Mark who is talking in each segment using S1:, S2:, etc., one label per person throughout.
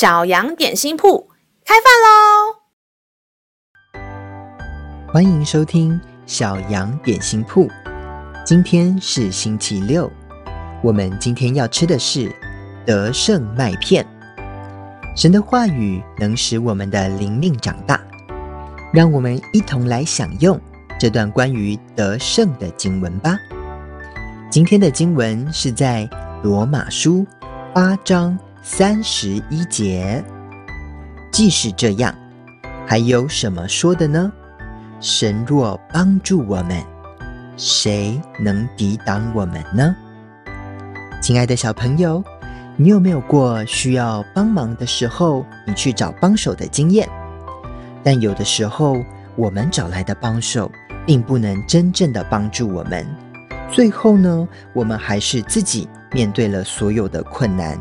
S1: 小羊點心鋪開飯嘍！歡迎收聽小羊點心鋪。今天是星期六，我們今天要吃的是得勝麥片。神的話語能使我們的靈命長大，讓我們一同來享用這段關於得勝的經文吧。今天的經文是在羅馬書八章三十一節，既是這樣，還有什麼說的呢？神若幫助我們，誰能抵擋我們呢？親愛的小朋友，你有沒有過需要幫忙的時候，你去找幫手的經驗？但有的時候，我們找來的幫手並不能真正的幫助我們。最後呢，我們還是自己面對了所有的困難。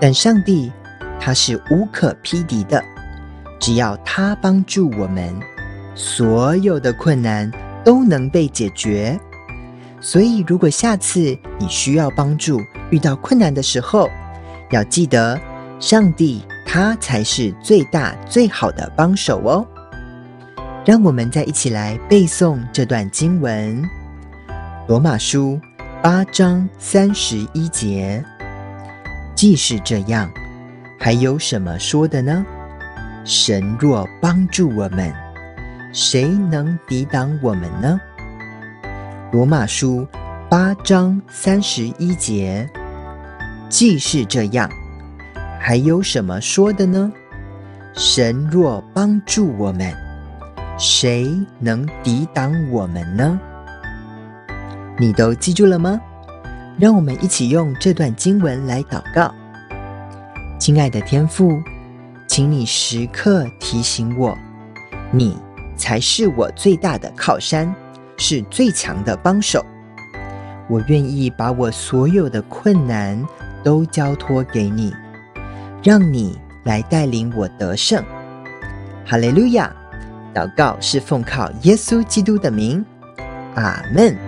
S1: 但上帝，他是無可匹敵的。只要他幫助我們，所有的困難都能被解決。所以，如果下次你需要幫助、遇到困難的時候，要記得，上帝他才是最大、最好的幫手哦。讓我們再一起來背誦這段經文：《羅馬書》八章三十一節。既是這樣，還有什麼說的呢？神若幫助我們，誰能抵擋我們呢？羅馬書八章三十一節。既是這樣，還有什麼說的呢？神若幫助我們，誰能抵擋我們呢？你都記住了嗎？讓我們一起用這段經文來禱告，親愛的天父，請你時刻提醒我，你才是我最大的靠山，是最強的幫手。我願意把我所有的困難都交托給你，讓你來帶領我得勝。哈利路亞！禱告是奉靠耶穌基督的名，阿門。